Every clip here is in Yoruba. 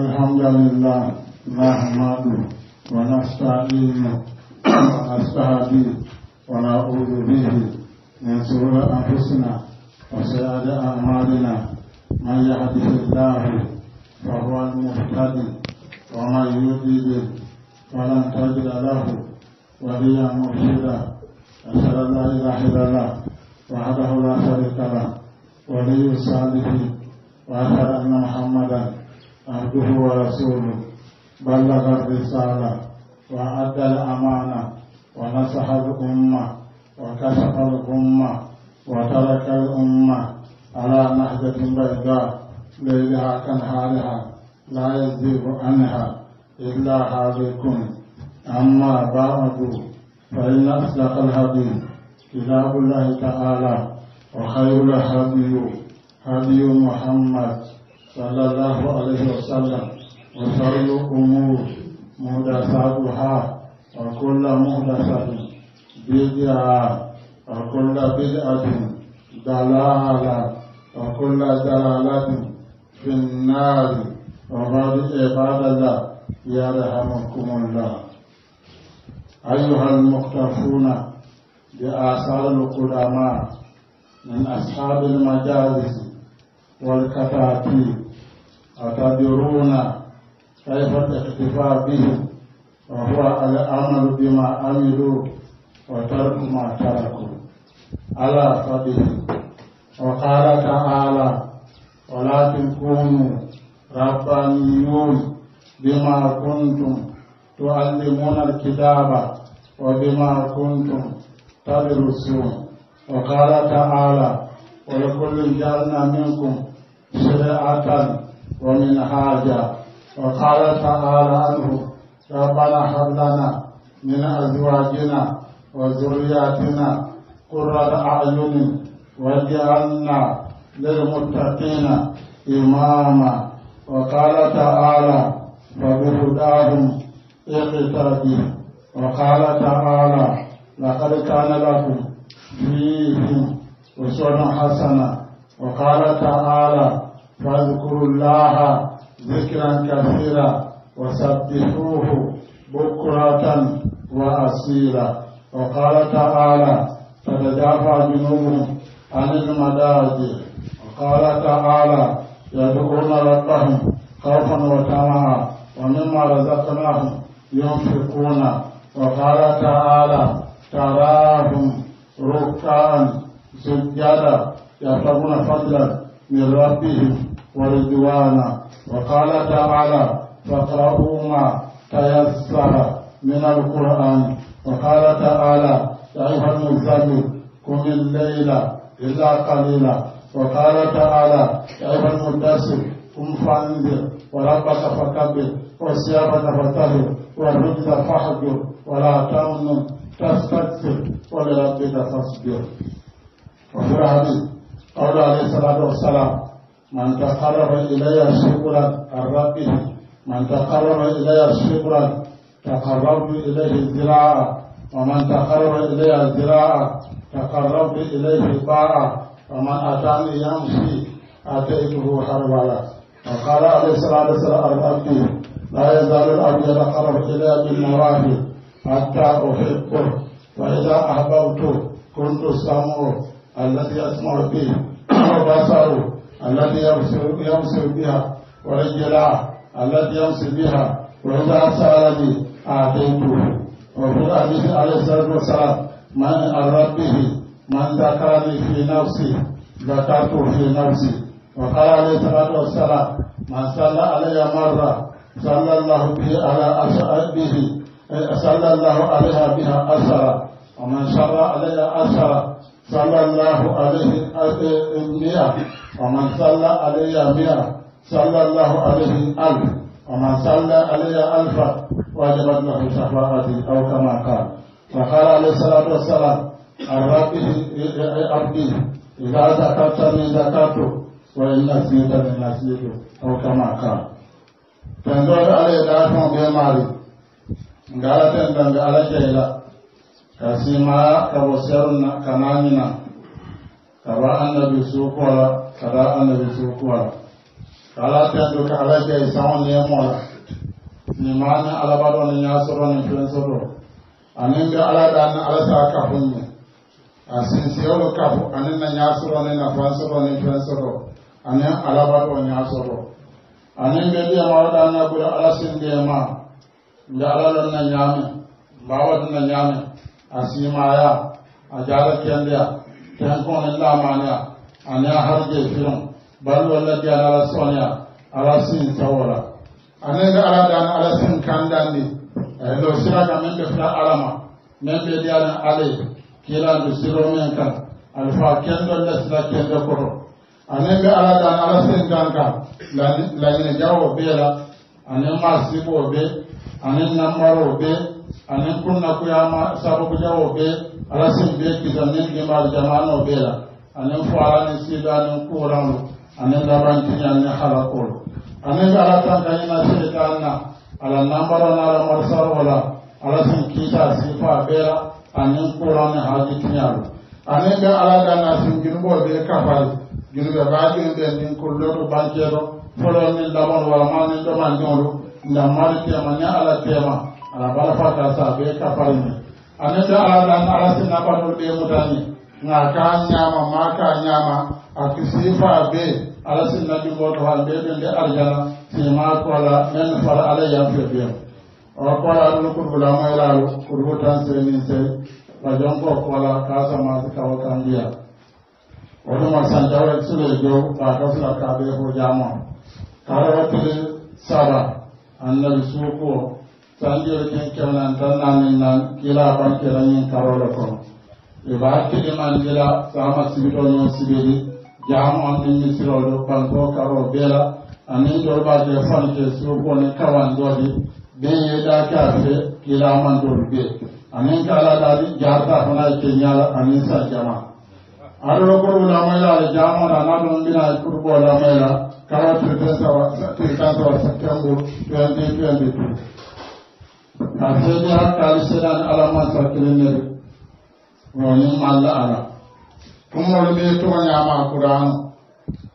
الحمد لله نحمده ونستعينه ونستهديه ونعوذ به من شرور انفسنا وسيئات اعمالنا من يهده الله فهو المهتد ومن يضلل فلن تجد له وليا مرشدا اشهد ان لا اله الا الله وحده لا شريك له ولي الصالحين واشهد ان محمدا عبده ورسوله بلغ الرسالة وأدى الأمانة ونصح الأمة وكشف الأمة وترك الأمة على نهجة بيضاء ليلها كنهارها لا يزيغ عنها إلا هذيكم أما بعد فإن أصدق الهدي كتاب الله تعالى وخير الهدي هدي محمد صلى الله عليه وسلم وشر الأمور محدثاتها وكل محدثة بدعة وكل بدعة دلالة وكل دلالة في النار وبعد عباد الله يرحمكم الله أيها المقتفون بآثار القدماء من أصحاب المجالس والكتاتيب أتدرون كيف الاكتفاء به وهو العمل بما عملوا وترك ما تركوا على صدره وقال تعالى ولكن كونوا ربانيون بما كنتم تعلمون الكتاب وبما كنتم تدرسون وقال تعالى ولكل جعلنا منكم شريعة ومن حاجة وقال تعالى عنه ربنا هب لنا من أزواجنا وذرياتنا قرة أعين واجعلنا للمتقين إماما وقال تعالى فبهداهم اقتدي وقال تعالى لقد كان لكم فيهم أسوة حسنة وقال تعالى فاذكروا الله ذكرا كثيرا وسبحوه بكرة وأصيلا وقال تعالى فتدافع جنوبهم عن المداجع وقال تعالى يدعون ربهم خوفا وطمعا ومما رزقناهم ينفقون وقال تعالى تراهم ركعا سجدا يطلبون فضلا من ربهم ورضوانا وقال تعالى فاقرأوا ما تيسر من القرآن وقال تعالى يا أيها المزمل قم الليل إلا قليلا وقال تعالى يا أيها المدثر قم فأنذر وربك فكبر وثيابك فطهر والرجز فاهجر ولا تمن تستكثر ولربك فاصبر وفي الحديث قول عليه الصلاة والسلام من تقرب إلي شكرا ربي من تقرب إلي شكرا تقربت إليه ذراعا ومن تقرب إلي ذراعا تقربت إليه باعا ومن أتاني يمشي أتيته هربلا وقال عليه الصلاة والسلام أبدي لا يزال الأرض يتقرب إلي بالمراحل حتى أحبه وإذا أحببته كنت سمعه الذي أسمع به وبصره التي يمسك بها ورجلاه التي يمسك بها وإذا سألني أعطيته وفي الحديث عليه الصلاة والسلام من أراد به من ذكرني في نفسي ذكرته في نفسي وقال عليه الصلاة والسلام من صلى علي مرة صلى الله به على أشعر به صلى الله عليها بها أشرا ومن شر علي أشرا صلى الله عليه مئة ومن صلى علي مئة صلى الله عليه ألف ومن صلى علي ألفا وجبت له شفاعتي أو كما قال فقال عليه الصلاة والسلام عن ربه عبدي إذا ذكرتني ذكرته وإن نسيتني نسيته أو كما قال تنظر عليه دافع بمالي قالت أن على شيء كاسيما كوسرنا كماننا كبا أن بسوقها كبا أن kala كلا تندك على جيسان يمولا نمان على بدون ياسرون فنسرو أنك على دان على ساكفني asinsiyɔlo kafo ani na nyasɔrɔ ni nafa sɔrɔ ni fɛn sɔrɔ ani alabatɔ nyasɔrɔ ani bɛ di ma wala an ka gbɛɛ ala sen di ma nga ala lɔ na nyaami baawa di na nyaami asimaaya a jaara kendeya ken kone lamaniya aniya harje firon ballo ladi ala ala soniya ala sin tawola anen ga ala dan ala sin kandandi e lo siraka men be fila alama men be diyanen ale kilandu siro men kan alfa kendo lesla kende koto anen ga ala dan ala sin kanka lañine jawo la, anen ma sibo ane anen nammaro be anin kunna kuyama sababu jawo be alasin be kisanin gemar jamano be la anin ala ni sida anin kuran anin labanti anin halakol anin ala tanka ina shaitan na ala nambaro na ala marsar wala alasin kita sifa be la anin kuran ni haji kinyalo anin ga ala dana sin girbo be kafal girbe bajin be nin kullo bankero folo ni laban wala ma ni doman nyoro ndamari tema ni ala tema ala bala fata sa be ka farme anata ala dan ala sinna banul be mutani nga ka nyama ma ka nyama akisifa be ala sinna di goto hal be be arjana si ma ko ala men far ala ya fe be o ko ala lu ko bula ma ila lu ko tan se ni se ba jom ko ko ala ka sa ma ka wa kan dia o no ma san jawe su le jo ka ka sa ka be ho jama ka ra wa sara annabi suko sanjiro ken kemnanta naninna kila ban kera ñin karole kono iba kilimandila sama sibito ño sibili jamo anni misilolu banko karo bela anin dorbaje fanke subone kawandodi be yeɗa kafe kilamandolu be anin kala dadi jarta fana ke ñala anin sa jama aɗoɗo korwula maylale jamona naɗon mbina kurɓola mayla kawa tirtan sawa septembre 2022 tanzania hata sudan alama sakilinir ronin allah ara kuma wani to nya ma qur'an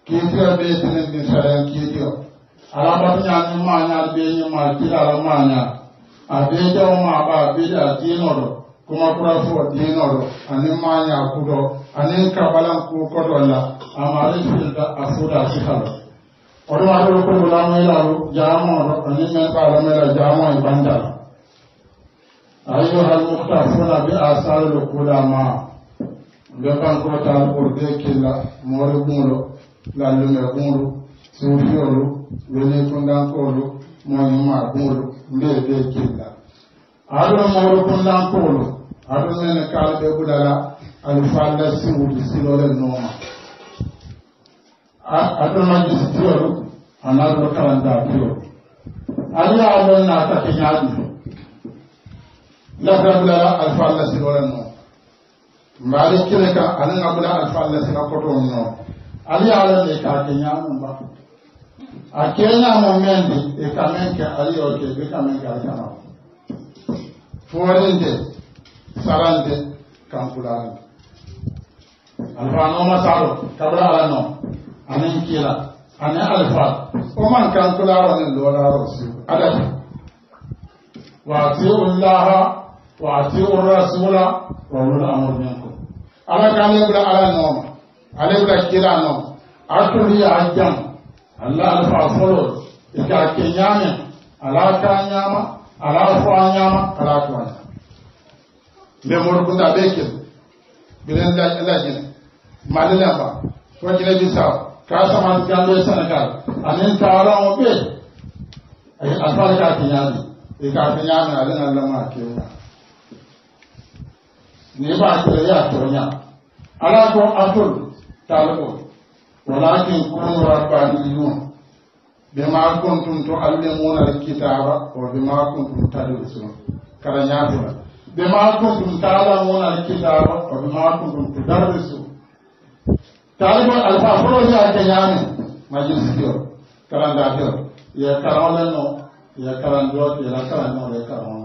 ki fiya be tinin din saran ki dio ala ni ma nya ni ma ki ala ma nya a be da ma ba be kuma kura fo dinoro ani ma nya do ani ka balan ku ko do la amare fil da afuda si halo odo ma do ko jamu ma ila jaamo ani men ka la أيها المختصر بآثار القدماء بقنقوة القرديك موربونو لالمبونو سوفيولو وليكوندانكولو مونيمابونو mbebekilla aɗo mawɗo kondankolo aɗo nene kalɓe ɓuɗala alfalla siwudu noma. nooma aɗo majjisi tiyoɗo anaɗo kalanda tiyoɗo aɗo yaɗon natake ñaɗi nafana bulara alifa lasiri wala nɔ mɛ ale kelen kan ale ka bula alifa lasiri kɔtɔ nɔ ale y'ale de k'a kɛ ɲaamu ba a kɛ ɲaamu mɛn de e ka mɛn kɛ ale y'o kɛ e ka mɛn kɛ ale kana fɔɔrin tɛ saran tɛ kankularen alifa nɔma t'a dɔn kabila ala nɔ ani kira ani alifa o man kankularen lɔra rɔ si ala waati o laha. واطيعوا الرسول واولو الامر منكم اما كان يبدا على النوم على يبدا كلا نوم اتولي عجم الله الفا فولو اذا كنيام على كنيام على فانيام على كوان بمر كنت بكر بلن لا لاجن ما لنبا وجل بيسا كاسا ما كان لو سنغال ان تارا وبي اي اصل كاتيان اي كاتيان على الله ما كيوان نبا تريا تريا على كو أفل تعلموا ولكن كونوا ربانيون بما كنتم تعلمون الكتاب وبما كنتم تدرسون كلا نعبر بما كنتم تعلمون الكتاب وبما كنتم تدرسون تعلمون الفافرو يا كيامي majisiyo kalan dafiyar ya kalan wani no ya kalan duwati ya kalan no ya kalan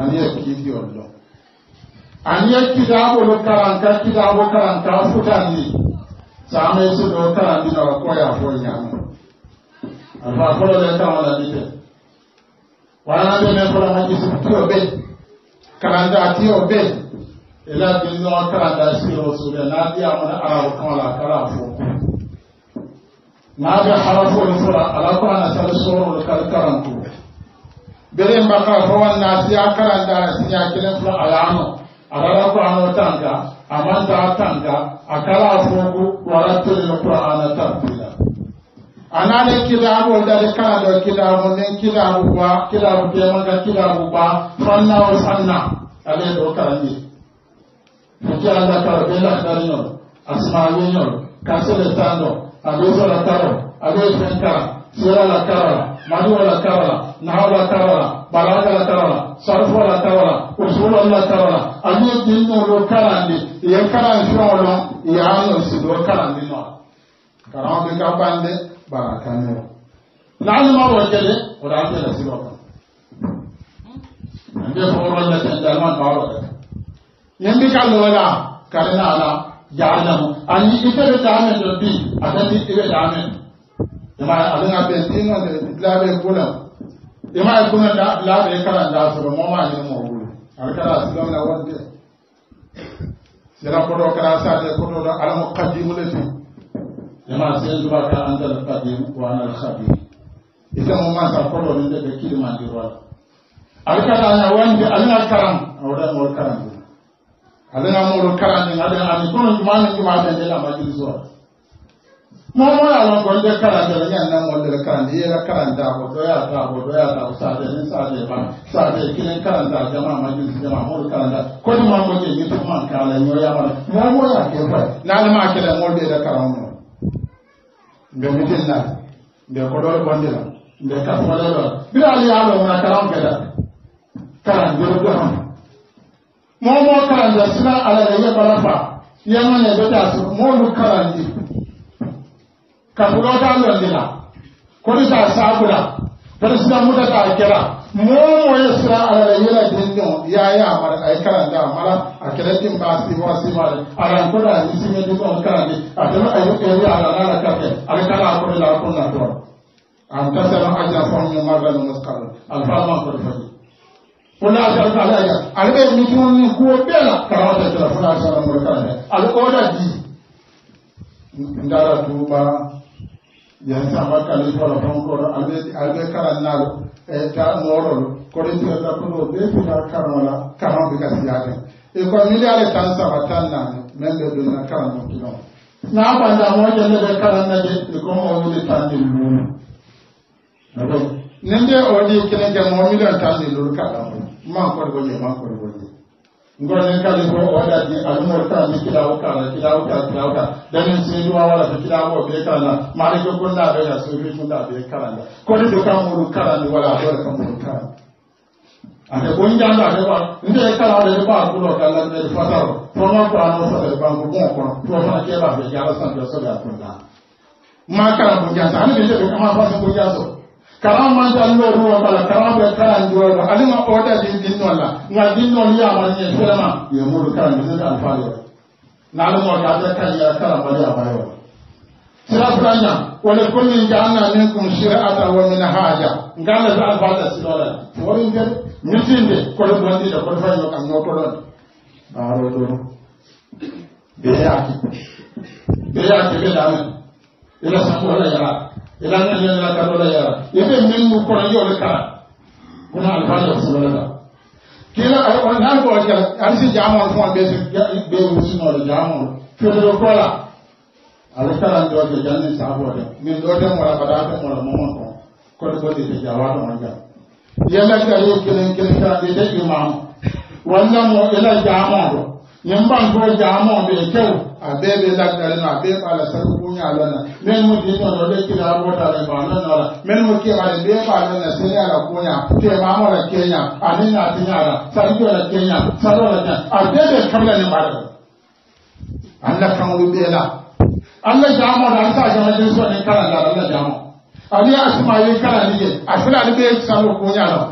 aniyar kiti wallo aniyar kita bolo karanka kita bo karanka futandi samai su do karandi na koya fo nyamu alfa folo le kan wala dite wala be me folo haji su ti obe karanda ti obe ila bi no karanda si o su le na bi amana ara kan la kala fo na bi harafo fura ala qur'ana sal sura al karantu bere ba ka fo na si akara da si ya kelen fula alano arara ko ano tanga amanta tanga akala fo ku wara to le ko ana tarpila anane kilabu le kana do kilabu ne kilabu ba kilabu ke manga kilabu ba fanna o sanna ale do karani Mujhe Allah ka bela kariyo asmawiyo kasele tando abezo la taro abezo la taro ಸೀರಲ ತರಲ ನಗುವಲ ತರಲ ನಾವಲ ತರಲ ಬಲಗಲ ತರಲ ಸರ್ಫಲ ತರಲ ಉಸೂಲಲ್ಲ ತರಲ ಅಲ್ಲಿ ತಿನ್ನು ಒಕ್ಕಲಲ್ಲಿ ಎಕ್ಕಲ ಇಸ್ರೋಲ ಯಾರು ಸಿದ್ದು ಒಕ್ಕಲಲ್ಲಿ ನೋಡ ಕರಾವಳಿ ಕಾಪಾಂದೆ ಬರ ಕಣ್ಣೀರು ನಾನು ಮಾಡುವ ಜೊತೆ ಒಂದು ಆಚೆಲ್ಲ ಸಿಗೋಣ ನಂಗೆ ಸೋಮರಲ್ಲ ಚಂದರ್ಮ ಮಾಡೋದು ಎಂಬಿಕಲ್ಲುವಾಗ ಕರೆನಾಲ ಜಾನವು ಅಲ್ಲಿ ಇತರೆ ಜಾನ ಜೊತೆ ಅದನ್ನು ಇತರೆ ಜಾನ jama'a abin abin dina da labe kula jama'a kuna da labe karan da su mu ma ne mu wuri alkara su launa wanda sira kodo kara sa da kodo da al muqaddim lati jama'a sai zuwa ka an da qadim wa an al khabir ita mu ma sa kodo ne da kilma di ruwa alkara na wanda Allah karam awda mu karam alina mu karam ne alina ni kono jama'a ne jama'a da la majlis wa normal ala ko nde karanta da yan nan wanda karanta yana karanta ko to ya ta ko to ya ta sa da ni sa da ba sa da kin karanta jama'a majin jama'a mu karanta ko ni ma ko ke ni kuma kala yo ya ba na mo ya ke ba na da ma ke da mo da karanta da mutin na da ko sina ala da balafa yamma ne da ta kakulota londila kodi ta sabula wani suna muka ta kira momo ya sira alala yana dinyo ya yi amara a karan da amara a kiratin ba si ba si ba a ran kuda ni sun yi dukkan karan ne a tana ayyuka yi a rana da kafe a kana kuri da kun na tuwa an kasa ran ajiya fon yin maganin muskar alfama kurfani kuna ta e, ta laya albe ni tun ni ko bela karawata ta fara sanan murkan alƙoda ji ndara tuba yansi amakali fɔlɔ fɔnkɔrɔ a bɛ a bɛ kalan na lo ɛ taa mɔɔrɔ lo kɔrɔ tiɲɛ ta kɔnɔ o bɛɛ fila kalan la kalan bɛ ka si a kan ekɔli miliyari tan saba tan naani mɛ n bɛ na kalan na bi n'a kɔni da mɔɔ jɛ ne bɛ kalan na ngornen kala ko oɗaɗi aɗumor kalami kilawo kana kilawo ka kilawo ka damin seeduwa wala to kilawo ɓe kalana maɗa ko konnaɓe ga sori tunɗa ɓe kalanda kono to kamuɗu kalandi wala ɗore kamuɗu kalandi ate ko njanda ate ba nde kala ade ba kulo kala nde fataro fono ko ano fata ba ko bon ko to fana ke ba be jala san be so da kunna ma kala ko jasa ani be to ma fa ko jaso karam man ta ndo ruwa bala karam be karam ndo ruwa ali ma ko ta din din wala nga din no ya ma ni selama ya mu karam ni ta alfa yo na lu mo ya ta kan ya karam ba ya ba yo sira franya wala kulli jana minkum shir'ata wa min haja ngala za alfa ta sidola wori ngel ni sinde ko do bandi da ko fa yo kan no to don ba ro do be ya ki be ya ki be da men ila sa ko la ya ìlànà ìlànà ìlànà lọ́dọ̀ yàrá ebi mi ń kọ́ra yóò lè kàrà kúnà àlùfáàjì ọ̀sùn lọ́dọ̀ yàrá. kí ní àwọn náà bọ̀ ọ̀jà àrísí ìjà àwọn fún abẹ́sí gbé ewu sínú ọ̀rọ̀ ìjà àwọn kí o lè kọ́ra àlùfáàjì ọ̀dọ̀ ọ̀jà ìjà ní ìsàbọ̀ ọ̀dọ̀ mi lọ́dẹ̀ mọ̀ra bàdá fẹ́ mọ̀ra mọ́mọ́ kan kọ́dọ̀ bọ́dẹ̀ nyɛmba nkɔrɔ gyaama ɔbɛ ɛkyɛw abɛɛ bɛ lagare no abɛɛ pa ala sɛbɛ ko nyɛ na mɛni mo kiri ɔna ɔbɛ kiri abɔ ta ne ba ɔna nɔra mɛni mo kiri ɔna bɛɛ pa ala na sɛnɛ ala ko nya tɛ ma ama ɔna kɛ nya ani nya ti nya ala sari ti ɔna kɛ nya sari ɔna nya abɛɛ bɛ kabila ne ba dɛ ala kan wo bɛɛ la ala gyaama ɔna asa gyaama den sɔ ne kala la ala gyaama ale asuma ye kala ne ye asena ale bɛ sanu ko nya la.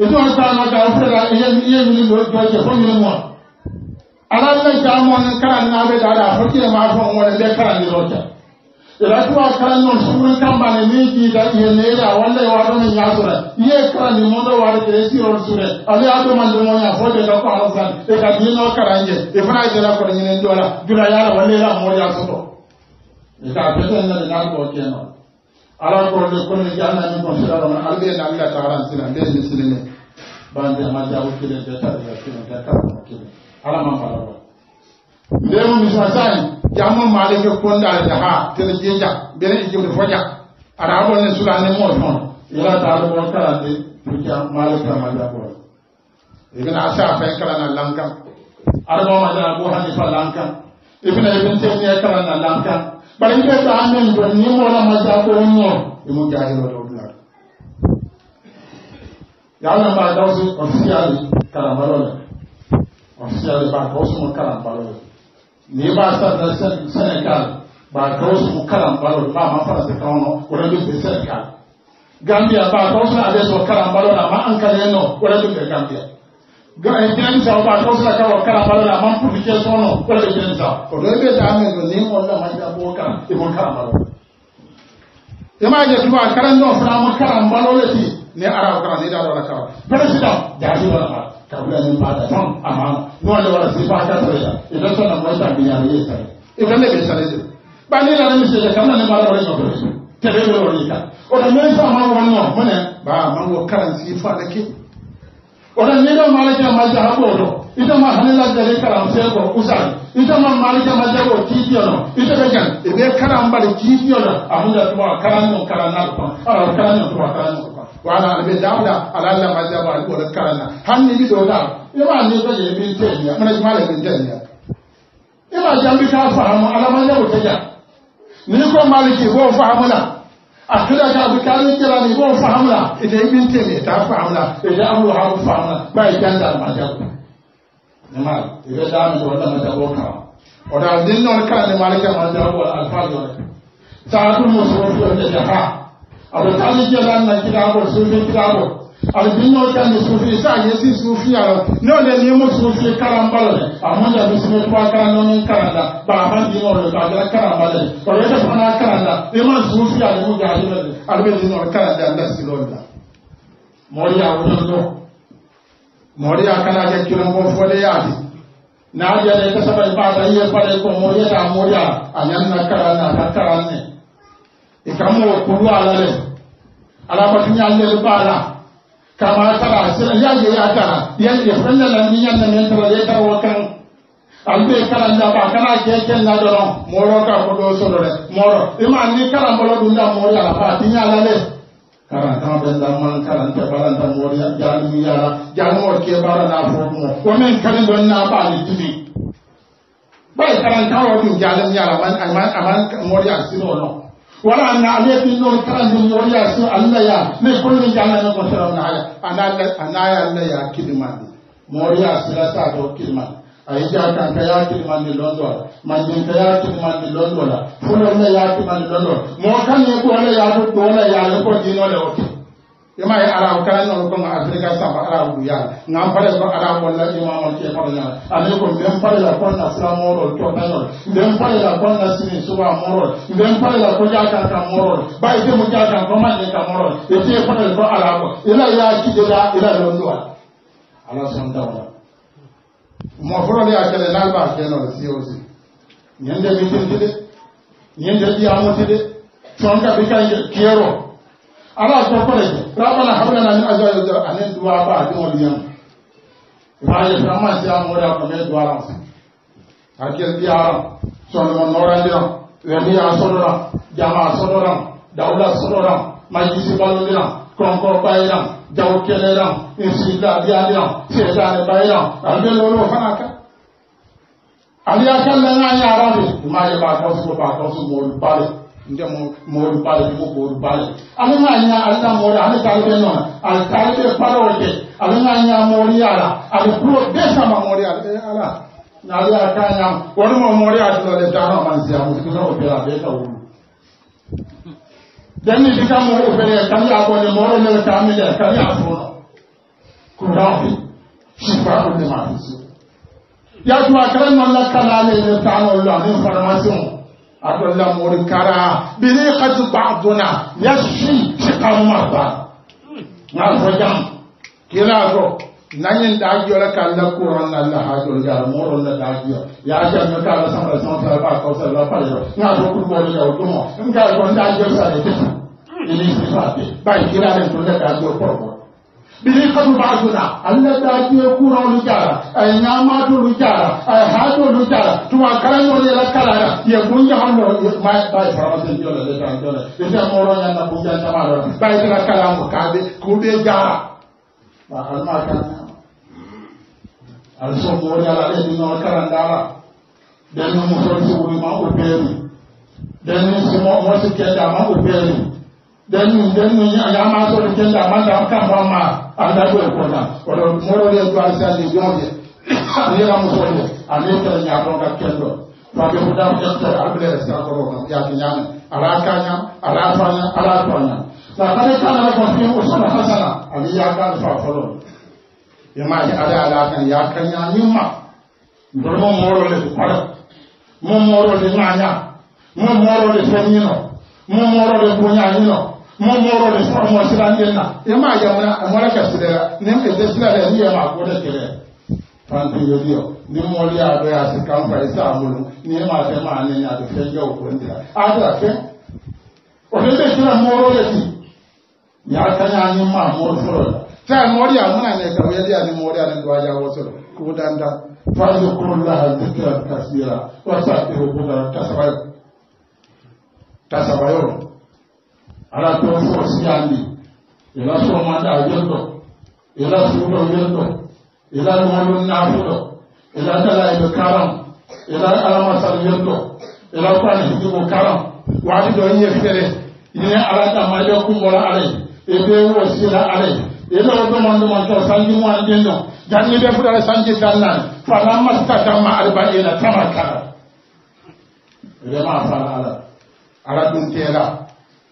ètò ọ̀sán àmàkà ọ̀sẹ̀lá ẹyẹ mi ló jọ jẹ fún mi mọ́ alámẹ́ta mọ́ ní kára ní abẹ́ dáadáa fún kí ẹ máa fún wọn ẹgbẹ́ kára ní lọ́jà ìrántí wa kára náà ṣùgbọ́n kámbà ní ní ti ìdá ìyẹ ní ilé àwọn ilé wa lọ́nà ìyá sọ̀rọ̀ iye kára ní mọ́ lọ́wọ́ rẹ̀ kẹ́ sí ọ̀rọ̀ sọ̀rọ̀ àbí àbẹ́ máa lọ́wọ́ yà fọ́ lọ́kọ̀ àwọn ala kɔrɔle kɔni jana ni kɔn sira kɔnɔ ala bɛ na bila taara n sira n bɛ nin sini ne ban jama jago kelen bɛɛ ta de ka kelen bɛɛ ta de ka kelen ala ma fara wa. lemu misasani jamu maale ke konda ale ta ha tele jinja bene ijibri foja ara abo ne sula ne mo ton yala ta abo mo kala de tuja maale ta ma jabo ibn asa fa kala na lanka ara mo ma jabo hanifa lanka ibn ibn taymiya kala na lanka Barinke tsanin da nimola matakon yau, imu jahil wa daular. Yawon ba da wasu ofisiyali karambalo ne, ofisiyali ba ka wasu mu karambalo ne. Ni ba sa da Senegal ba ka wasu mu karambalo ne, ba ma faransa kan wani wurin duk da Senegal. Gambia ba ka wasu na adesu karambalo na ma an kare no Gambia jinanisa ko a tɔgɔ sera ka wa kala balo la a man puti kɛ sɔnɔ ko de jinanisa o dɔ i bɛ taa mɛ don ni mɔgɔ la ma i ka bɔ kan i bɔ kala balo i m'a ye tuma kalan dɔw fana ma kalan balo le ti ni arabu kalan ni dara la kalan bɛɛ sisan jaati wala ma kabila ni ba a ma n'o le wala na mɔgɔ ta bi yan i ye sari i bɛ ne bɛ sari de ba ni nana misi yɛrɛ kan na ne ma la wale sɔrɔ tɛbɛ bɛ wale o la mɛ ba a ma wɔ kalan si fa de oɗon yiɗo malike majja ha ɓooɗo itoma hani laddari karam seeko usani itoma malike majja o kiidiyono itoɓe jan eɓe karam mbaɗe kiidiyono ahuda tuma karanno karannaɗo kon ala karanno tuma karanno kon wala aɓe dawɗa ala allah majja wa aɗi ɓoɗo karanna hanni ɗiɗo ɗaw ima ni toje min teniya mana mala min teniya ima jambi ka fahamu ala majja o teja ni ko maliki ko fahamuna akida ka bi kari kira ni b'o faamu la ete i bi tɛmɛ i t'a faamu la ete abu hamu faamu la ba i kan dama tɛ ko ne ma i bɛ daa misɔrɔ dama tɛ kan o la ni nɔri kan ni mari kɛ man jan bɔ alifa dɔ la taa tu musoro fiyɛ ne ja ha a bɛ kari kira na kira bɔ sunfin kira bɔ aljinno ka ni sufi sa ye sufi ara no le ni mo sufi karambala amon ya bi sufi kwa kan no ni mo ba ba di no le ba da karambala ko le ta na karanda e ma sufi ara mo ga ni le albe ni no karanda da si lo da ya wo no ya kana ja kilo mo fo le ya di na ja le ta sa ba ba da ye pa le ko mori ya ta mori ya anyan na karanda ta karanda e kamo ala ala ba ti nya le kama tara sira ya je ya tara yan ya fanna la min yan nan tara ya tara wakan albe kala da ba kana je ken na do moro ka ko do so do moro ima ni kala bolo dun da moro ya la fa tinya la le kala ta be da man kala ta bala da moro ya ja ni ya la ja moro ke bara na fo mo ko men kala don na ba ni tibi bai kala ta wo dun ja ni ya la man man man moro ya sino no wala na ale bi n'o taara nin mɔgɔ ya so ale ya ne ko ne jala ne ko sɔrɔ na ya a n'a la a n'a y'a la ya kilima de mɔgɔ ya sira sa dɔ kilima a ye jaa kan ka y'a kilima ni lɔn dɔ la manden ka y'a kilima ni lɔn dɔ la fɔlɔ ne y'a kilima ni lɔn dɔ la mɔgɔ kan ye ko ale y'a ko dɔn ne y'a ye ko diinɛ la o tɛ yama ye arabu kalan nɔ ko nka afirika sanfɛ arabu ya nka n ala ko arabu la imaamu cɛ fɔlɔ ɲa ale ko n bɛ n falen la ko n na sira mɔrɔ tɔ ta ɲɔ n bɛ n falen la ko n na sini suba mɔrɔ n bɛ n falen la ko jaa kan ka mɔrɔ ba yi te mu jaa kan ko ma ɲɛ ka mɔrɔ e te falen ko arabu ila y'a ci de la ila yɔ do a ala sɔn ta o la mɔ fɔlɔ de y'a kɛlɛ n'a b'a kɛ nɔ si o si ɲɛ tɛ bi tɛ dɛ ɲɛ tɛ bi amu tɛ dɛ tɔn ka bi ka kiyɔrɔ. Allah sọ pé rabbana hab lana min azwajina àní duwa bá àdéhùn ìyẹn ìbáyé fún ọmọ ìṣe àwọn ọmọdé àkọmọ ẹdùn ara sí àkíyèsí ara sọlọmọ nọrọ ẹdẹ rẹmi asọdọra jama asọdọra dawuda asọdọra majisi balùwìnà kọńkọ báyìnà jawo kẹlẹrà nsìlá bíyàdìrà sẹẹdà àdìbáyìnà àbẹlẹ olówó fana ká àbíyá kẹlẹ náà yẹ ara rẹ ìmáyé bá a kọ sọ bá a kọ sọ mọ olùbárẹ nde mooru baale ko booru baale ala ŋa ña ala na moori ala taalibe noon ala taalibe parole ke ala ŋa ña moori ala ala kulo bee sama moori ala e ala na ala yaa kaa ñaam wani mo moori ala tulo a daano man siya mu sikuna o bela bee ka wulu denni bi ka moori o bele kabi yaa ko ne moori ne ka mi le kabi yaa funo kuraa fi sifa ko ne ma fi si yaa tuma kala noon la kanaale ne taano lu ani formation àtọ̀lá mọ̀ríkára bí ní ìkàtí pàtàkùnà yá sí síta mọ̀ta na fọ́jám kíra rọ̀ nanyin da ajiyar ka la kuran na la hajiyar ya moro na da ajiyar ya ce mai ka la sama sama ta ba ka sa la fara na so ku mo ya ku mo in ka ko da ajiyar sa ni ni ba ba kira ne to da ka ko ko birikanu baasuna ale taa diɲɛ kunnaw lu jaara ɛɛ ɲaamaadu lu jaara ɛɛ haadu lu jaara tuma kala ɲɔgɔn yɛrɛ kala la yɛ kun jama nɔrɔ maa ye taa sɔrɔ se jɔ la ne taa jɔ la ne tɛ mɔrɔ ɲɛ na kun jɛ jama la ba ye tila kala mɔ k'a de k'u de jaara wa ale ma kala ale sɔn mɔri ala ale bi ɲɔgɔn kala da la dɛni muso sugu ma o bɛɛ mi dɛni sumɔ mɔsi kɛ da ma o bɛɛ mi dɛni dɛni ɲaamaadu kɛ da ma da ka fɔ ma adájọ́ ẹ̀kọ́ náà ọ̀rọ̀ mọ́rọ̀ rẹ̀ tó àṣà lè bí ọ̀yẹ̀ àníyàn mọ́sọ̀ yẹ àníyàn ní àbọ̀gá kẹ́ńdọ̀ pàdé fúdà kẹ́ńdọ̀ abúlẹ̀ ẹ̀sìn àkọ́rọ̀ kan bí àti yánu alákányá aláfányá aláfányá làkàlẹ́ ọ̀sán hasana àbí yá bá ń fa fọlọ́ yẹ máa yẹ adé alákan yá kányá ní mà dọ́rọ́ mɔmɔrɔ le sɔrɔ mɔ sira den na i ma yamuna a mɔra ka sira la ni e tɛ sira la ni yɛlɛma a ko de kɛlɛ fanti yo diɔ ni mɔli y'a dɔ y'a se kan fa i t'a bolo ni e ma fɛn ma ne ɲa a fɛn kɛ o ko n tɛ a tɛ fɛn o de bɛ sira mɔrɔ le ti y'a ka ɲa ni maa mɔrɔ sɔrɔ la fɛn mɔri a muna ne ka wele a ni mɔri a ni duwaja wɔsɔ k'o dan dan fanti kuru la a ti kira ka sira walasa a ti kuru la ka saba yɔrɔ ka saba yɔrɔ aláàtọ̀ ọ̀fọ̀ sí àmì ìlàsọ ọmọdé àjọ́tọ̀ ìlàsọ ọjọ́tọ̀ ìlànà olóńgbà fúlọ̀ ìlàdàlà ìlú kárọ̀ ìlànà alámọ̀sàlùyọ́tọ̀ ìlàpàdé ìdìbò kárọ̀ wà á dìbò yíyẹ fẹ́rẹ̀ ìyẹn alátàmájọ́ kúmọ̀lá àrẹ ebe wọ̀ síra àrẹ ìlà ọdọ́mọdọ́mọdọ́ sanji wọn dé nọ jàdínlẹ́ bẹ́ẹ̀ fúdàrà sanji dáná fàlà màsíkà dàmà àrìbá ìlà tàmà kárọ̀ ìlẹ̀ máa fara ara ara dùn tẹ́ra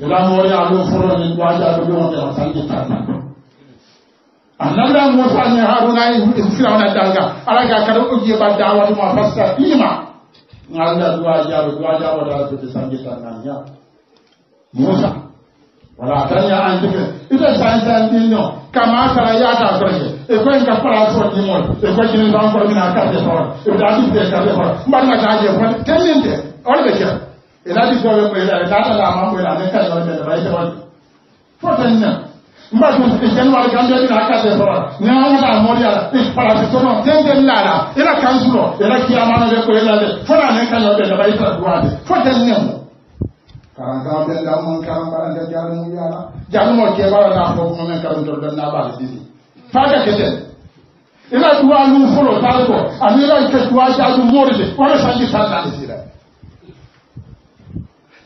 ìlànà àlọ fọlọ ní gbọ́ ajá lórí wọn yàrá sáyé tààtà ananda musa ni haruna yi sira wana danga ala ka kada ko je ba dawa ni ma fasta ima ngalla duwa jaru duwa jaru da su sanje tananya musa wala tanya an dike ida san san dinno kama sara ya ta sorje e ko en ka para so ni mo e ko jini san ko mina ka de so e da di de ka de so mbarna ka je ko tenende olbe ke ìdájú tí ọ̀rẹ́ pẹ̀lú ìdátàlá àmà pẹ̀lú àmẹ́kà ìlọ́jẹ̀ ìdàbáyé wọ́n fọ́tẹ̀ nà nígbà tó ìṣẹ́nu àgbàndẹ́bí náà kàṣẹ sọ̀rọ̀ ní àwọn ọ̀dà àmọ́ríà ìpàdásí tó náà tẹ́ńtẹ́ ńlára ìlà kanṣúrọ̀ ìlà kí a máa rẹ̀ pẹ̀lú ìlàlẹ̀ fọ́nà àmẹ́kà ìlọ́jẹ̀ ìdàbáyé sọ̀rọ̀ fọ́tẹ̀ nà karanta bɛn da mun karan baran da jarumu yara jarumu ke bara na ko kuma men karan da na ba da dini fa da kete ina tuwa lu folo ta ko ani ina ke tuwa ta du mori de wala sanji ta da sira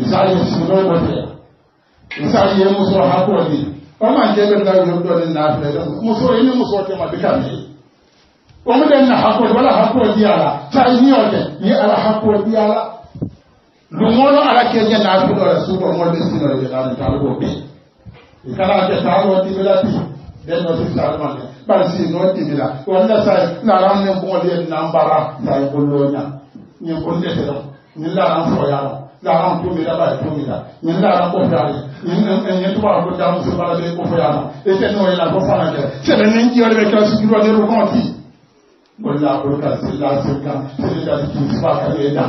ìsáyé ìsinmi ọgbọ̀fẹ́ ìsáyé musu ọ̀hákọ̀ ni wọ́n máa ń jẹ́ bẹ́ẹ̀ náà yóò dọ́ni náà fẹ́ lẹ́nu musu yìí ni musu ọ̀kẹ́ màbíkà mi wọ́n mú dẹ́nu àhákọ̀ ni wọ́n àhákọ̀ di ara táyé ní ọ̀dẹ̀ ní ara àhákọ̀ di ara lùmọ́nù ara kẹ́nyẹ́ náà fi lọ́rẹ̀ sùgbọ́ mọ́lẹ́ sí lọ́rẹ̀ yẹn náà nípa lọ́wọ́ bẹ́ẹ̀ ìkàrà àjẹ sàárọ̀ dìbìlà bì dẹ́nu ọ̀sẹ̀ sàárọ̀ mọ̀ bari si ní bọ́ọ̀lù yẹn nàmbara sáyé kó lóyún yẹn kó lẹ́sẹ̀ fọ̀ yàrá laran tomi da bai tomi da nin laran ko fi ale nin nin to ba ko da muso ba de ko fi ala e te no ila ko fana de se le nin jore be kasu duro de ro kon ti wala ko ka sila sika se da ti ti ba ka le da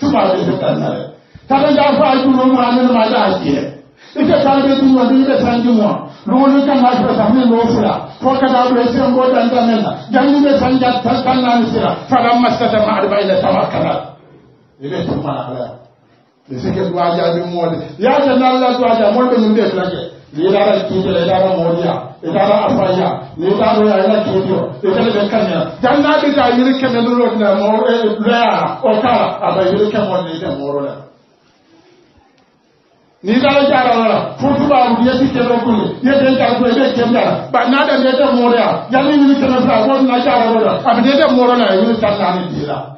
tu ba le ka na le ta da ja fa ju no ma ne ma da ji e ite ta be tu wa ni be san ju mo ro ni ka ma fa sa mi ro fura ko ka da be se ngo da da ne na jan ni be san ja ta kan na ni sira fa da ma sa da ma arba ila tawakkala ile da suke zuwa ya bi mole ya ce nan la zuwa ya mole mun da flake ni da da tuto da da moriya ita da afaya ni da do ya ila tuto ita da kanya dan na bi da yiri ke na luro na mo e ra o ka aba yiri ke mo ni da moro la ni da da jara la futu ba mu ye ti ke ro kulu ye de ta ko ye ke mda ba na da ne da moriya ya ni ni ke na sa ko na jara la abi de da moro la yiri ta na ni dira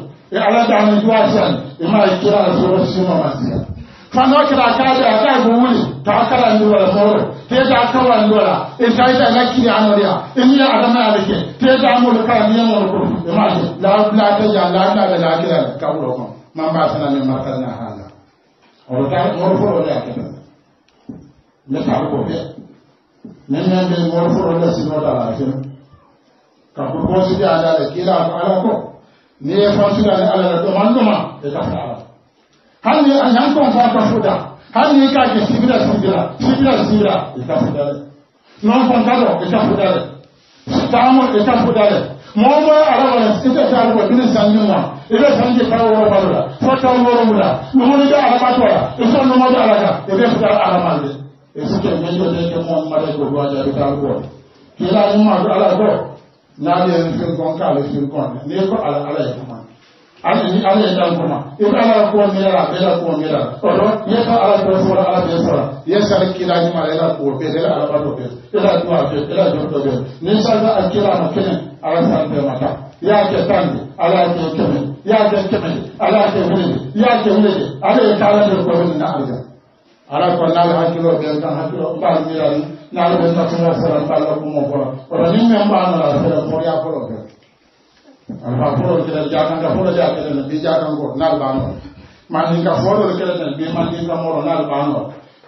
alaga anajua asali ima ikira asoro sima masia fana kira kaja aka gumuli takala ndiwala sore teja akawa ndiwala isaida na kiri anoria emiya adama alike teja amulu kala miya mo ko ima la la teja la na la kira ka ulo ko mamba sana ni makala na hala oro ta moro foro la kira ne ta ko be ne ne be moro foro la sino da la kira ka ko ko si ala la kira ala ko ni ye fasuda ni ala la dɔma dɔma e ka fara ala hali ni a y'an kɔn fɔ a ka foda hali ni k'a se ala kɔ i bɛ san min ma i bɛ san jɛ kalo wɔɔrɔ balo la fo kalo wɔɔrɔ mu la numuni bɛ ala ka tɔ la n'ale ye n fi kɔn k'ale fi kɔn dɛ n'i ye ko ala ala ye kuma ale ni ala ye dan kuma i bɛ ala kɔ miiri la bɛɛ la kɔ miiri la ɔ dɔn i ye ka ala kɔ fɔlɔ ala bɛ sɔrɔ i ye sari kila ɲuman la i la k'o bɛɛ i la ala ba dɔ bɛɛ i la du a bɛɛ i la jɔ dɔ bɛɛ ni sari a kila a ma kɛnɛ ala san bɛɛ ma taa i y'a kɛ tan de ala y'a kɛ kɛmɛ i y'a kɛ kɛmɛ de ala y'a kɛ wuli de i y'a kɛ wuli de ale ye k'ala de kɔ min na ala ala kɔni n'ale hakililaw bɛ n kan hakililaw n b'a miiri n'ale bɛ sa sɛnɛ sɛnɛ n b'ale kuma fɔlɔ o la ni min b'a nɔ la sɛnɛ mɔriya fɔlɔ kɛ alifa fɔlɔ kɛlɛ jaakan ka fɔlɔ jaa kɛlɛ la bi jaakan kɔ n'ale b'a nɔ mandin ka fɔlɔ kɛlɛ la bi mandin ka mɔrɔ n'ale b'a nɔ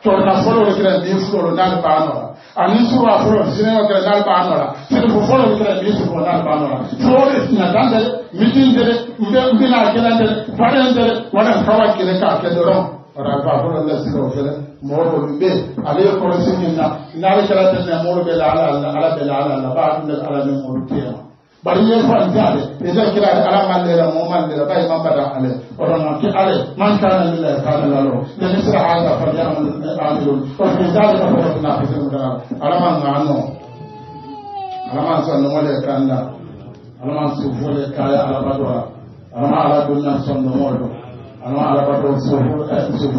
tɔrɔna fɔlɔ kɛlɛ bi fɔlɔ n'ale b'a nɔ ani suwa fɔlɔ sinɛŋɛ kɛlɛ n'ale b'a nɔ la sɛnɛfɔ fɔlɔ kɛlɛ bi sɔrɔ n'ale b'a nɔ la fɔlɔ de sinɛ tan tɛ mitin tɛ dɛ n bɛ n bɛna a kɛlɛ tɛ dɛ baara ragba ko la siro fele moro bi be ale ko ro sin na na re kala tan na la ala ala ala be la ala ala ba tun da ala ne moro ke ya bari ye fa jale e da kira ala man le la mo man le la bai man bada ale o ro na ke ale man ka na le ka na la lo ne ne sira ala fa ya man amilun o ke jale ko ro na ke sin da ala man na no ala man sa no le kan na ala man su fo le ka ya ala ba do ala ma ala do na son no mo anuma alabato sofo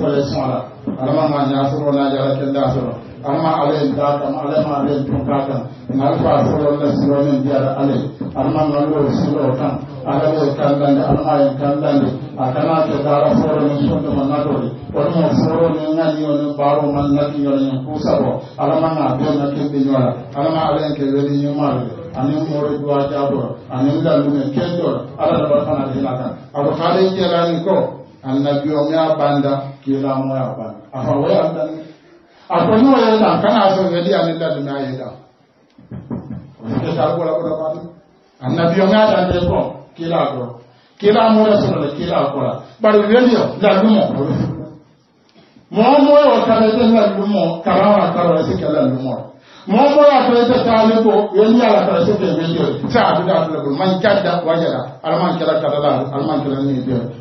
le sɔn la anuma ma ɲa sɔrɔ n'a jara kɛlɛ a sɔrɔ anuma ale ye da kan ale ma ale ye tun k'a kan nka ale fa sɔrɔ ne sɔrɔ min diyara ale anuma ma ale y'o o kan ale y'o kan dande anuma ye kan dande a kana kɛ baara sɔrɔ ni sɔnni ma na dɔ ye walima sɔrɔ ni ŋa ni yɔrɔ ni baaraw ma na ti yɔrɔ ye k'u sago ala ma n'a to na k'i bi ɲɔ la ala ma ale ye kɛ wele ɲuman ye ani mori duwa jaabɔ ani n dalu ni kɛn ala de b'a fana di la kan a ko k'ale jɛra nin kɔ annabi o ya banda kila mo ya banda afa wa ya no ya da kana so ne dia ne da na ya da ke ta ko la ko da ba annabi o ya da ne ko kila ko kila mo ra so ne kila ko la ba ri re yo da lu mo mo mo o ka ne da lu mo ka ra wa ka ra se ka la lu mo mo mo ya to se ta le ko yo ni ala ka se ke me yo sa du da lu ko man ka da wa ja da al man ka da ka da al man ka ni de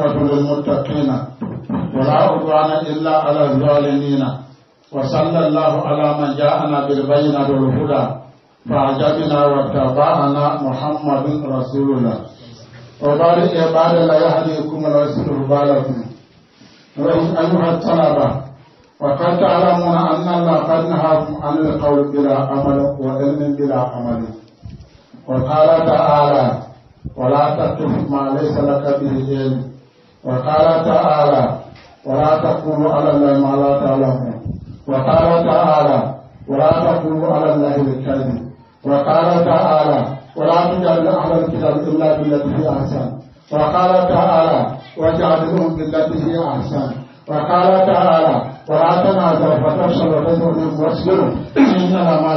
والعاقبة للمتقين ولا عدوان إلا على الظالمين وصلى الله على من جاءنا بالبينة والهدى فعجبنا واتبعنا محمد رسول الله وبارك يا بارك لا يهديكم الرسول بالكم وإن أيها الطلبة وقد تعلمون أن الله قد نهاكم عن القول بلا عمل وعلم بلا عمل وقال تعالى ولا تكتف ما ليس لك به علم وقال تعالى ولا تقولوا على الله ما لا تعلمون وقال تعالى ولا تقولوا على الله بالكلم وقال تعالى ولا تجعل أهل الكتاب إلا بالتي هي أحسن وقال تعالى وجعلهم بالتي هي أحسن وقال تعالى ولا تنازعوا فتفشلوا وتذهبوا واصبروا إنما مع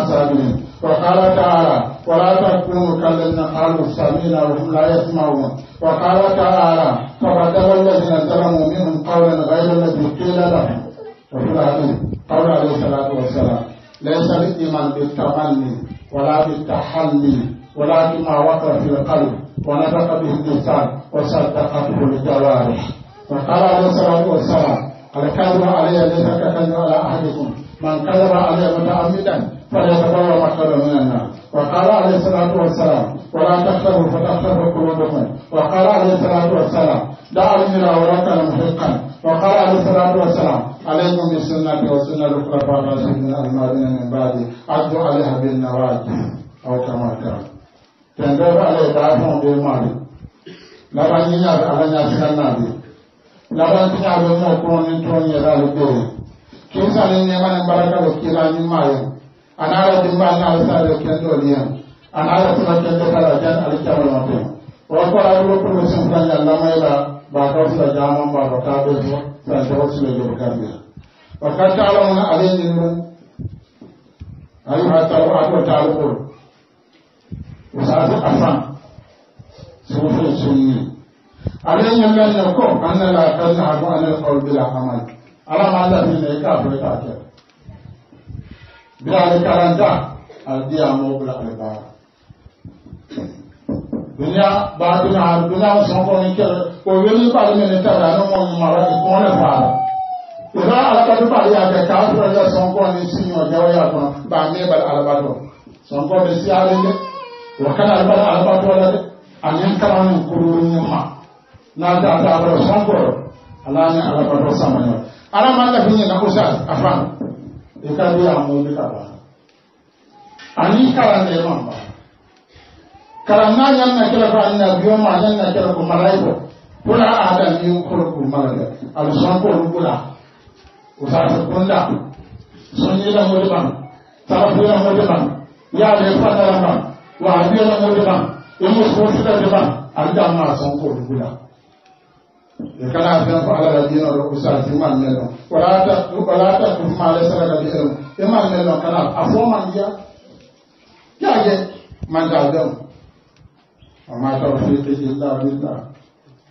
وقال تعالى ولا تكونوا كالذين قالوا سمينا وهم لا يسمعون وقال تعالى فبدل الذين ظلموا منهم قولا غير الذي قيل لهم وفي الحديث قول عليه الصلاه والسلام ليس الايمان بالتمني ولا بالتحلي ولكن ما وقع في القلب ونفق به اللسان وصدق به الجوارح وقال عليه الصلاه والسلام الكذب علي ليس ككذب على احدكم من كذب علي متعمدا فليتبوأ مقعده من النار وقال عليه الصلاة والسلام ولا تخشوا فتخشوا قلوبكم وقال عليه الصلاة والسلام دع من أوراقنا محقا وقال عليه الصلاة والسلام عليكم بسنة وسنة الخلفاء الراشدين المهديين من بعدي عدوا عليها بالنواجذ أو كما كان تندر عليه دعاهم بالمال لبن ينال على ناس النبي لبن تنال الموقعون انتون يدال بيه كيف سنين يمن بركة وكيران المعين anara dimba anara sare kendo liya anara tuma kendo kala jan ali tawala mate wa fara duro kuma sun kan Allah mai ba ba ka su jama ba ba ka be so san da wasu ne da kan biya wa ka ta'lamuna alayhi nurun kan hagu anal qawl bila amal ala ma da ne ka furta kenan bí alẹ́ karanta àbí àwọn ọ̀gbìn àgbẹ̀bà dunya ba dunya dunya sɔn kɔrɔ ni kɛlɛ o wele ba de mine ta la ne mɔ mara ni kɔn ne fa la o la ala de y'a kɛ k'a sɔrɔ ne sɔn kɔrɔ ni si ɲɔ ɲɛwɛ y'a kɔnɔ ba ne ba ala ba dɔn sɔn kɔrɔ si ale dɛ wa kana ale ba dɔn dɛ ani kalan ni kuru ni ma n'a ta ta a kɔrɔ sɔn kɔrɔ ala ni ala dɔn sama ɲɔ ala ma lafi ɲɛ na ko sa a fa ìtàbí àwọn oníkàwà àní kàwà ní ẹ̀mọ̀ àmà kàràmà yẹn na kẹrẹfà ní àbíọ́ mà yẹn na kẹrẹfà mara ẹ̀bọ̀ kúrò àdá ní kúròkù mara ẹ̀ àlùsọ́nkọ̀ olùkúrà òfàṣẹ kúndà sọnyẹ́lẹ̀ mọ́lẹ́mà tàbátúyẹ̀ mọ́lẹ́mà yáàrẹ̀ fàtàlẹ́mà wà àbíọ́ mọ́lẹ́mà ẹ̀mọ́sọ̀ọ́sílẹ̀ mọ́lẹ́mà àdá máa sọ́nkọ̀ olùkúrà kana fɛn fɔ ala ka diinɛ o la kusanti ma mɛn dɔn wala ta wala ta kun ma ale sara ka di e ma e ma mɛn dɔn kana a fɔ man diya y'a kɛ man t'a dɔn a ma taa o te ji la bi la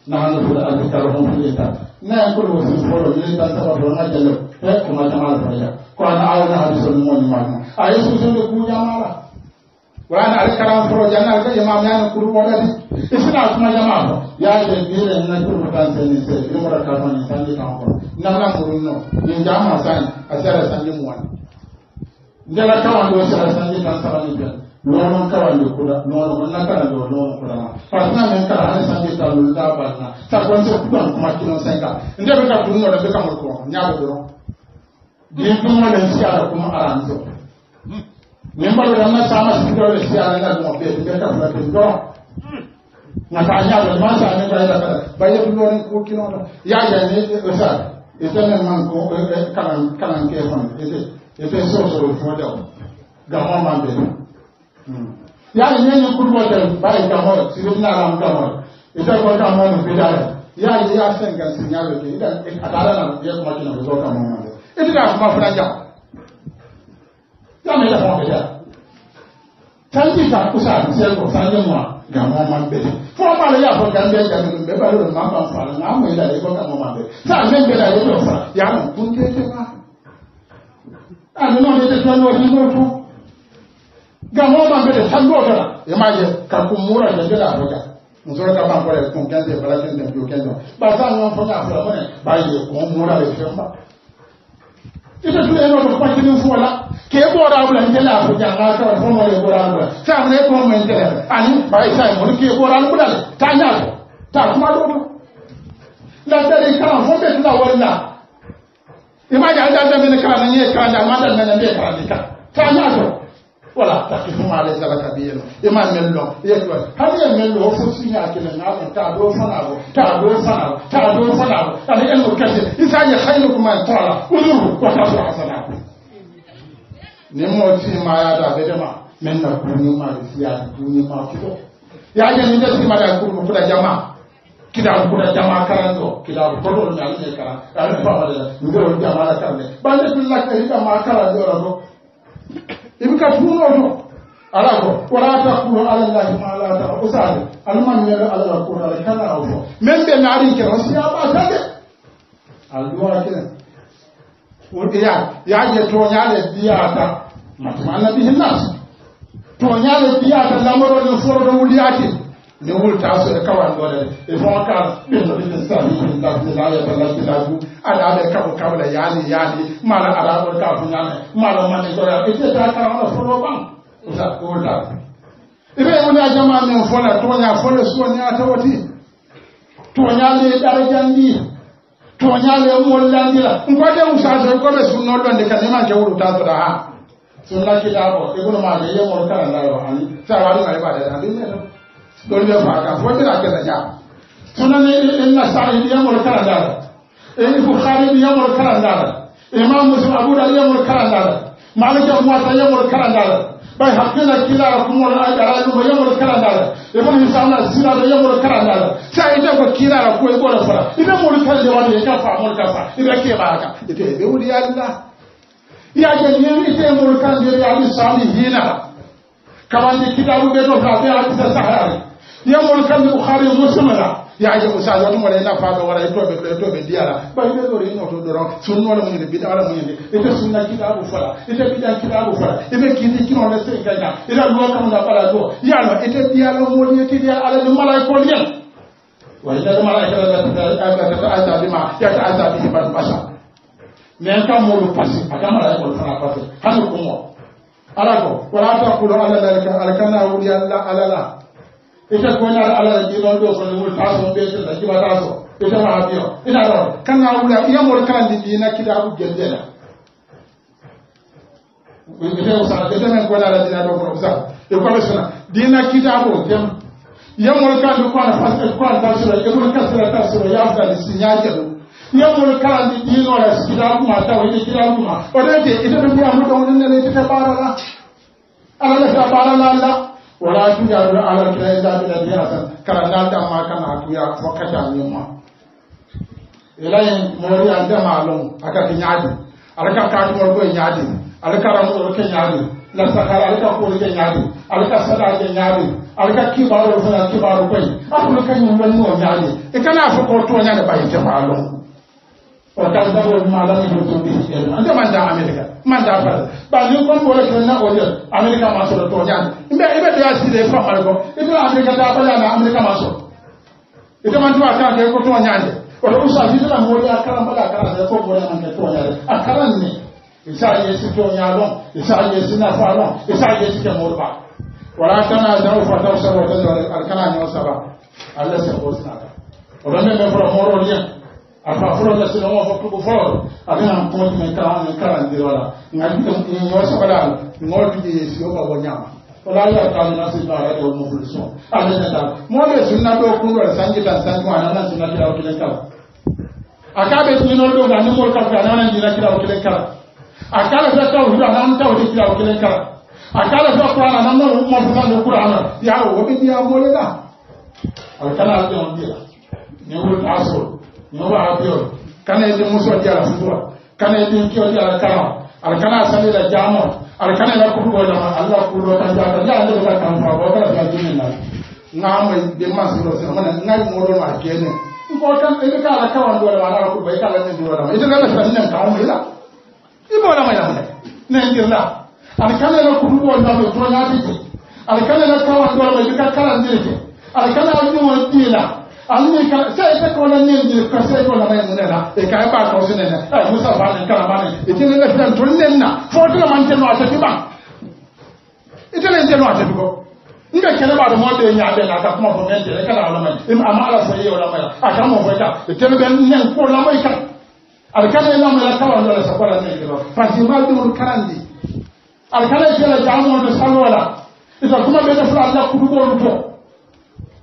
n'a ni fura a bi taa fɔ fi ta n'a ye kolo fi fɔlɔ ne ta saba fɔlɔ n'a jɛlɛ ɛ kuma caman la fɔlɔ ya ko a n'a ala n'a bi sɔn mɔgɔ ɲuman ma a ye sunsun de k'u ɲama la wa n'a ale kalan fɔlɔ ja n'a ye imamiya ni kuru wɛrɛ de isina kuma jama ya ce bire na kuma kan sai ne sai kuma da kafa ne sai kan ko na na so no ne jama sai a sai san ni muwan dala kawa do sai san ni kan sai ni kan nonon kawa ne kuda nonon na kana do nonon kuda ma fasna men kara an san ni ta lulla banna ta kon sai kuma kuma kino sai ka inde be ka kunno da be ka mur ko nya do do din kuma da shi ala kuma aran do min ba da na sama shi do da shi ala na mo be ka ka do nasanya da ma sa ne ba da ba ya dulo ne ko kino da ya ya ne da sa ita ne man ko kalan kalan ke fan ita ita so so fo da ga ma man da ya ne ne ku ba da ba ga ho si ne na ram ga ho ita ko ka ma ne da ya ya san ga sinyalo ke ida adara na ya ma kina zo ka ma da ita ga ma fura ja ya me da ho nyame ama bɛrɛ fɔlɔ maa le y'a fɔ gan bɛɛ gan bɛɛ b'a lori maa ma fara n'a mɔ yi la yɛ kɔ ka mɔ ma bɛrɛ sisan ne bɛrɛ a yɛ bɛ fara y'a mɔ kun tɛ tɛ ma a ni n'o tɛ fɛn n'o ni n'o fɔ gan mɔ ma bɛrɛ hali n'o kɛra e ma yɛ ka kun mura yɛ bɛrɛ a bɛ kan muso ka ma fɔra kun kɛntɛ bala kɛntɛ jo kɛntɛ ba sa ɲɔgɔn fɔ k'a fɔra mɔnɛ b'a ke bora wula ntela abuja nga ka wala fomo ye bora wula ta mun e ko mun ntela ani bai sai mun ke bora wula ta nya ko ta kuma do na tele ka mo be na wala ima ja da da men ka na ye ka da ma da men be ka ni ka ta nya ko wala ta ki kuma ale sala ka biye ima men lo ye ko ha ni men lo fu si nya ke na ko ta do fa na ko ta do fa na ko ta do fa na ko ani en ko kase isa ya khairukum man tala uzuru wa ta fa sana nimoti mayada bedema menda kunima ya kunima kito yaje minde sima da kunu kuda jama kida kuda jama karanto kida kodo na ne kara ala fa da ngoro jama la karne bande billah ka hita ma kara do rago ibka tuno do ala ko wala ta kulu ala allah ma ala ta usale alman ya ala ko ala kana o men be nari ke rasiya ba tade alduwa kenan ya ya toñaale ɓiyaata matuma annabihi nas toñaale ɓiyaata lamoro nen foroɗo wuliyaki ne wulta so e kawanɗore e fon ka ɓennoɗiɗe sahiiaebalailagu alaɓe kaɓo kawla yaali yaali mala araɓol ka fuñame mala ni goya e ƴetta kawana foro ɓan usa wulta eɓe wona jama men fola toña fole suwonea tawati toñaale ɗara janndi tɔɲale mɔllandila nkɔde musaso nkɔbe sunno lɔnde ka nema nke wulu ta tora ha sunna kila bɔ ikono ma de ye mɔlɔ kala la yɔrɔ hani sara ali mari ba de la bi mɛlɛ lori bɛ fa kan fo na sari bi ye mɔlɔ kala da la eni bukhari bi ye malika muwasa ye mɔlɔ bai hakila kila a kuma wani aka rayu ba yawon kara dara ibn isa na sira da yawon kara dara sai ita ko kila ra ko ko da fara ita mo ri kan da wani ka fa mo ka fa ita ke ba ka ita be wuri Allah ya ke ni ita mo ri da ya ni sami hina kaman ni kitabu be do fa be a ta sahara ya mo ri kan bukhari muslim yaje ko sa yoto mo na fa do wala to be to be diala ba ni do ri no to do ron sunno la mun bi dala mun ni e te sunna ki da fala e te bi da ki da fala e be ki ni ki no le se ga da e da lo ka mo da fala do ya no e te diala mo ni te diala ala de malai ko ni wala de malai ka da ta ta ta bima ya ta ta bi ba basa men ka mo lu pasi aka malai ko fana pasi hasu ko mo ala ko wala ta ku ala la ka ala ita ko na ala da jima do so mun ta so be ta jima ta so ita ma biyo ita do kan na wula iya mor kan di dina kida bu gendela mun ke o sa ke tan ko na ala dina do ko sa e ko sa dina kida bu tem iya mor kan do ko na fa ko na ta so e ko ka sa ta so ya fa di sinya ke do iya mor kan di dina ora kida bu ma ta o kida bu ma o de ita be biya mu do ne ne ita bara la ala la bara la la wala tujaru ala kirayati ladiyatan karanga dama kana tuya wakata nyuma ilayin mori anda malum aka kinyadi alaka ka ko ko nyadi alaka ram ko ko nyadi la sakara alaka ko ko nyadi alaka sada ko nyadi alaka kibaro ko kibaro ko akulu kan nyuma nyadi ikana fa ko to nyadi bai jamalum وتزدروا ما لم يكن به شيئا انت من دا امريكا من دا فرد بعد يكون بولا كنا اوليا امريكا ما صورت وجان امبا امبا دا سيدي فهم لكم امبا امريكا دا فلا امريكا ما صورت ita man tuwa kan kai ko tuwa nyande o do usa fi tana mori akara mala akara da ko bora man ka tuwa morba wala kana da ufa ta usa wa ta arkana ne usaba Allah sai afa fɔlɔ la sɛbɛn wa fɔ kubu fɔlɔ a bɛ na tɔn jumɛn kalan ni kalan dira la nka ɲɔ sɔgɔla ŋɔ bi ye fiyewu ka bɔ ɲama o la ala ta nana se ɲɔgɔn yɛrɛ dɔw mɔbili sɔn a bɛ ne ta mɔgɔ bɛ sunna dɔw kun dɔ sanji la sanji wa nana sunna kira o kelen kalan a k'a bɛ sunna dɔw nana jira kira o kelen kalan a k'a la fɛ taw nana taw de kira o kelen kalan a k'a la fɛ la ni wuli k'a noba abio kana edi muso di ala fuwa kana edi kyo di ala kama ala kana sali la jama ala kana la ku ko jama allah ku do ta jata ya ndo ka kan fa ba ba ta jini na na ma de ma so so mana ngai mo do ma kene ko kan e ka ala kawa ndo ala ala ku ba ka ala ndo ala ito kana sa nan ka mo la ibo la ma ya ne ne ale ne ka se ete kɔ la ne ye ka se kɔ la ne ne la e ka e b'a kɔ si ne ne ɛ musa ba ne kala ba ne e ti ne ne filɛ ntoli ne na ma n nɔ a tɛ ti ban i tɛ ne n tɛ nɔ a tɛ ti bɔ n bɛ kɛnɛ b'a dɔn mɔgɔ bɛ ɲa bɛɛ la a ka kuma fɔ ne tɛ e ka na a lamɛn e ma a ma ala fɛ e y'o lamɛn a ka mɔ fɔ e ta e tɛ ne bɛ ne ko lamɛn i kan ale ka ne lamɛn la kala dɔ la sa ko la ne kɛlɛ parce que n b'a denw kalan de ale ka ne kɛlɛ jaa mɔgɔ de sanu la i ka kuma bɛ ne fila la kudu b'olu bɔ.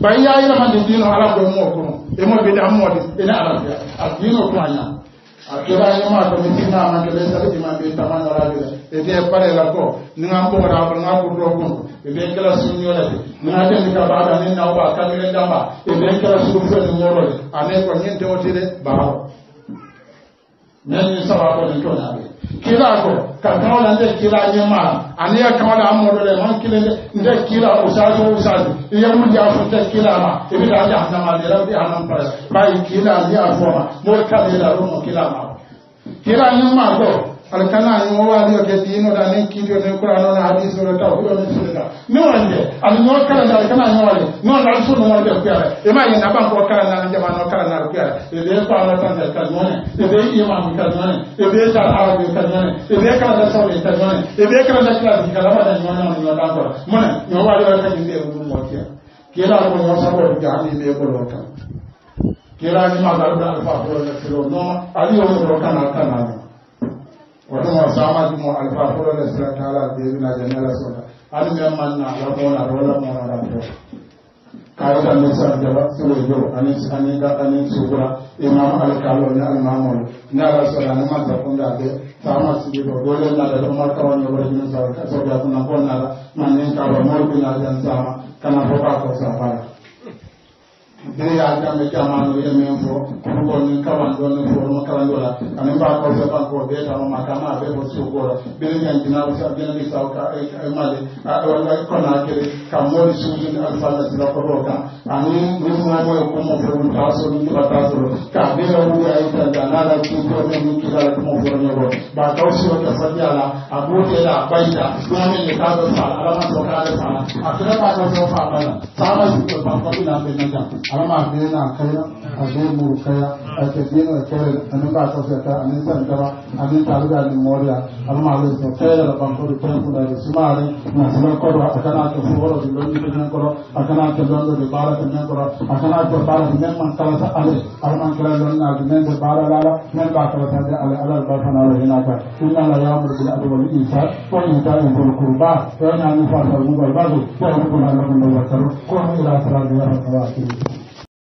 ba iya yi rahan da dino ala ko mo ko e mo be da mo de ina ala ya a dino ko anya a to da yi ma to mi na ma ke sa de ma be ta ma ala de e de pare la ko ni ngam ko ra ko ngam ko ro ko e be na ba ka ni da ba e be kala sun fe a ne ko ni de o de ba ne ni sa Kila ko ka kawo la nde kira nye ma ani ya kawo la amoro le man kile nde kira usaso usaso iya mu ja so te kira ma ibi da ja na ma le rabbi hanan pare ba kira ya fo ma mo ka le la ro mo kira ma kila nye ma alkana ni wo wali o kesi da ni kindi o ni kura no na hadisi o ta o ni sunna ni wa nde al no kala da alkana ni wali no na su no wa de ku ara e ma yin na ban ko kala na ni jama no kala na ku ara e de pa na tan da ka no ne e de imam ka no ne e de ta arabi ka no ne e kala da sa ni ka no ne e kala da kala ni kala ma da no na no da ko mo ne ni wa ka ni de mu mo ke ke la ko no sa ko ga ni me ko lo ka ke la ni ma da ali o kana kana wasamaji mo alfa folo le sira taala beebina janela sola ani na manna ala mona rola mona ala to kayo tan ne sa jaba solo jo ani ani ga ani sugura imam al kalo ni al mamul na ala sola ni man zakunda be sama sigi do dole na da mar kawo ne wala ni sa ka so ga tuna ko na man ne ka ba bi na jan sama kana ko ba ko sa fara ne y'a daminɛ caman na u ye min fɔ olu kɔni kalan dɔɔni fɔ olu kalan dɔ la ani n b'a kɔfɛ ban kɔ bɛɛ taama ma k'an ma le wala i kɔnɔ a kɛlɛ ka mɔri sugu ni alifa la sira kɔrɔw kan ani ni kuma mɔ ye ko mɔ fɔ olu t'a sɔrɔ olu t'a sɔrɔ k'a bɛɛ ka wuli a ye ta da n'a la tu tɔ ni olu tora la kuma fɔ ɲɔgɔn ba k'aw sɔrɔ ka sadiya la a b'o ba yi la kuma min de k'a dɔ fa ala ma sɔn k'a dɔ fa a fana la sa ala su ka ban alama biyɛn n'a kɛra a bɛ muru kɛra a tɛ biyɛn n'a kɛra ani b'a tɔ fɛ ani san kaba ani taali ka ni mɔri ya alama ale sɔn kɛra yɛrɛ ban kɔrɔ kɛra kun da yɛrɛ suma yɛrɛ na sɛbɛn kɔrɔ a kana kɛ fukɔrɔ de lɔnni bɛ ɲɛ kɔrɔ a kana kɛ lɔnni de baara bɛ ɲɛ kɔrɔ a kana kɛ baara de mɛ man kalasa ale alama kɛra lɔnni na mɛ bɛ baara la la mɛ b'a kalasa de ale ala b'a fana ala hinɛ kan ni na la y'a muru bila a bɛ wali i fa ko nin ta nin kɔrɔ kuruba yɔrɔ n'a ni fa sɔrɔ n'u ka i b'a don yɔrɔ ni kɔnɔ ala kun bɛ wa salo ko ni yɛrɛ sara de yɔrɔ kaba a kiri.